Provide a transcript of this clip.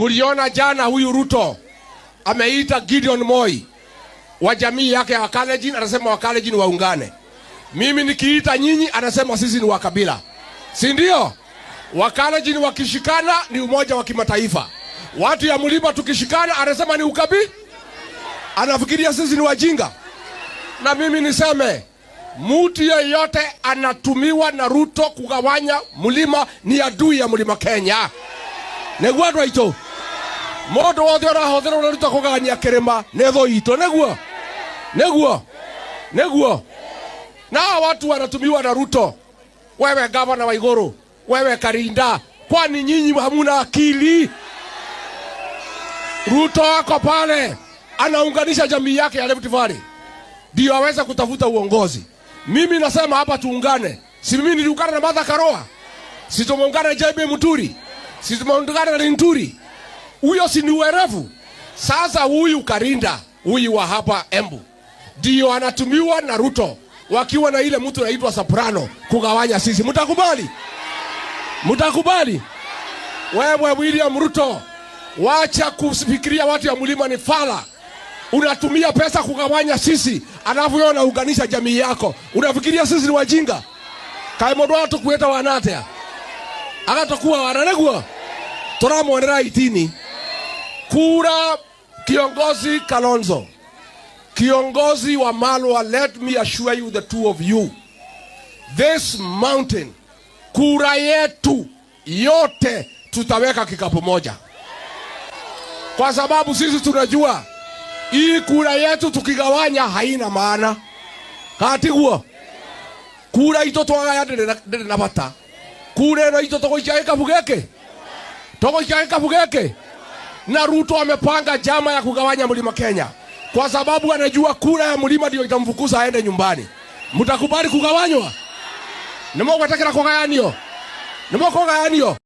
Uliona jana huyu Ruto ameita Gideon Moi wa jamii yake ya Wakalenjin, anasema Wakalenjin waungane. Mimi nikiita nyinyi, anasema sisi ni wakabila, si ndio? Wakalenjin wakishikana ni umoja wa kimataifa. Watu ya mlima tukishikana, anasema ni ukabi, anafikiria sisi ni wajinga. Na mimi niseme mtu yeyote anatumiwa na Ruto kugawanya mlima ni adui ya mlima Kenya negwadwa ito mundu wothe ũrahũthĩra ũraruta kũgania kĩrĩma nĩ thũ itũ nĩguo nĩguo nĩguo na watu wanatumiwa na Ruto, wewe gavana wa Igũrũ, wewe Karinda, kwani nyinyi hamuna akili? Ruto wako pale anaunganisha jamii yake ya Rift Valley ndio aweze kutafuta uongozi. Mimi nasema hapa tuungane, si mimi niliungana na Martha Karua, si tumeungana na JB Muturi, si tumeungana na Linturi huyo si ni uerevu? Sasa huyu Karinda huyu wa hapa Embu ndio anatumiwa na Ruto wakiwa na ile mtu anaitwa Soprano kugawanya sisi. Mtakubali? Mtakubali? Wewe William Ruto, wacha kufikiria watu ya mlima ni fala. Unatumia pesa kugawanya sisi, alafu wewe unaunganisha jamii yako. Unafikiria sisi ni wajinga? Kaimondo watu kueta wanatea. Akatakuwa wanaregwa. Turamwonera itini kura kiongozi Kalonzo, kiongozi wa Malwa. Let me assure you the two of you, this mountain, kura yetu yote tutaweka kikapu moja, kwa sababu sisi tunajua hii kura yetu tukigawanya haina maana katiguo kura ito twagaya ndiri na bata kura ino ito togoikia gikabu giki togoikia gikabu giki na Ruto amepanga jama ya kugawanya mlima Kenya kwa sababu anajua kura ya mlima ndio itamfukuza aende nyumbani. Mtakubali kugawanywa? gani hiyo? kugayaniyo. gani hiyo?